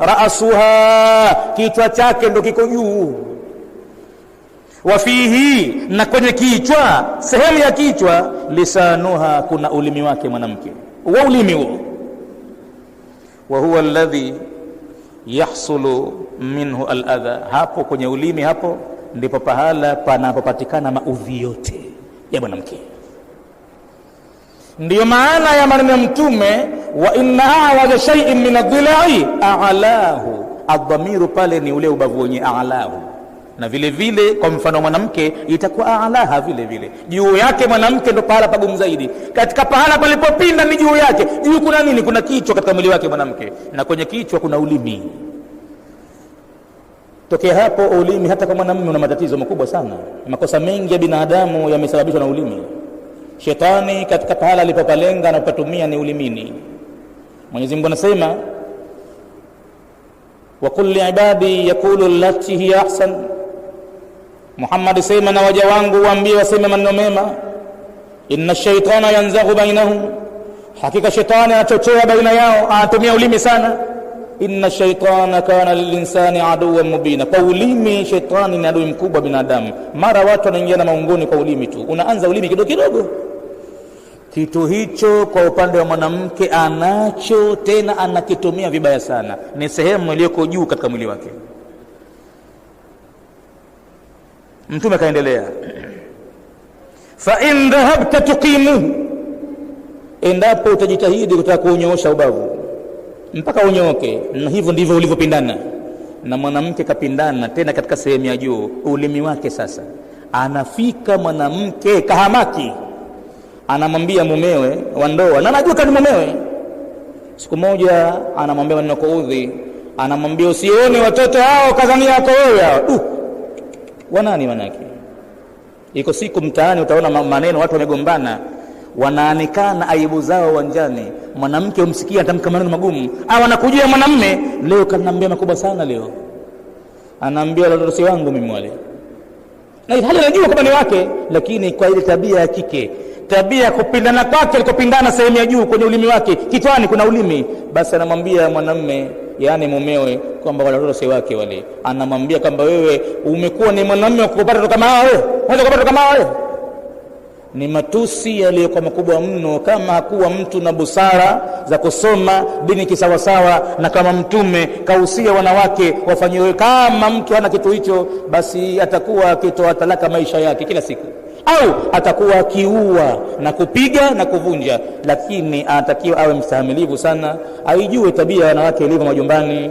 raasuha, kichwa chake ndo kiko juu. wafihi na kwenye kichwa, sehemu ya kichwa, lisanuha, kuna ulimi wake mwanamke, wa ulimi huo. Wa huwa alladhi yahsulu minhu aladha, hapo kwenye ulimi hapo ndipo pahala panapopatikana maudhi yote ya mwanamke. Ndiyo maana ya maneno Mtume, wa inna awaja shay'in min adhilai a'lahu. Adhamiru pale ni ule ubavu wenye a'lahu, na vile vile kwa mfano mwanamke itakuwa a'laha, vile vile juu yake mwanamke ndo pahala pagumu zaidi. Katika pahala palipopinda ni juu yake. Juu kuna nini? Kuna kichwa katika mwili wake mwanamke, na kwenye kichwa kuna ulimi. Tokea hapo ulimi, hata kwa mwanamume una matatizo makubwa sana. Makosa mengi ya binadamu yamesababishwa na ulimi. Shetani katika pahala alipopalenga na kupatumia ni ulimini. Mwenyezi Mungu anasema, wa kulli ibadi yaqulu allati hiya ahsan, Muhammad sema, na waja wangu waambie waseme maneno mema. Inna shaitana yanzaghu bainahum, hakika shetani anachochea baina yao, anatumia ulimi sana. Inna shaitana kana lilinsani aduwan mubina, kwa ulimi shetani ni adui mkubwa binadamu. Mara watu wanaingia na maungoni kwa ulimi tu, unaanza ulimi kidogo kidogo kitu hicho kwa upande wa mwanamke anacho, tena anakitumia vibaya sana. Ni sehemu iliyoko juu katika mwili wake. Mtume akaendelea, fa in dhahabta tuqimu, endapo utajitahidi kutaka kuunyoosha ubavu mpaka unyooke, na hivyo ndivyo ulivyopindana na mwanamke. Kapindana tena katika sehemu ya juu, ulimi wake. Sasa anafika mwanamke kahamaki anamwambia mumewe wa ndoa na anajua kani mumewe. Siku moja anamwambia maneno kuudhi, anamwambia usione watoto hao kadhania yako wewe hao. Uh, wanani manake? Iko siku mtaani utaona maneno watu wamegombana, wanaanikana aibu zao wanjani Mwanamke umsikia atamka maneno magumu, au ah, anakujia mwanamme leo kanambia makubwa sana leo, anaambia watoto wangu mimi wale, na hali anajua kama ni wake, lakini kwa ile tabia ya kike tabia ya kupindana kwake, alikopindana sehemu ya juu kwenye ulimi wake, kichwani kuna ulimi. Basi anamwambia mwanamme, yaani mumewe, kwamba wale watoto si wake wale. Anamwambia kwamba wewe umekuwa ni mwanamme wa kupata kama hao, unaweza kupata kama hao ni matusi yaliyokuwa makubwa mno, kama hakuwa mtu na busara za kusoma dini kisawasawa, na kama Mtume kausia wanawake wafanyiwe kama mtu hana kitu hicho, basi atakuwa akitoa talaka maisha yake kila siku, au atakuwa akiua na kupiga na kuvunja. Lakini anatakiwa awe mstahamilivu sana, aijue tabia ya wanawake ilivyo majumbani.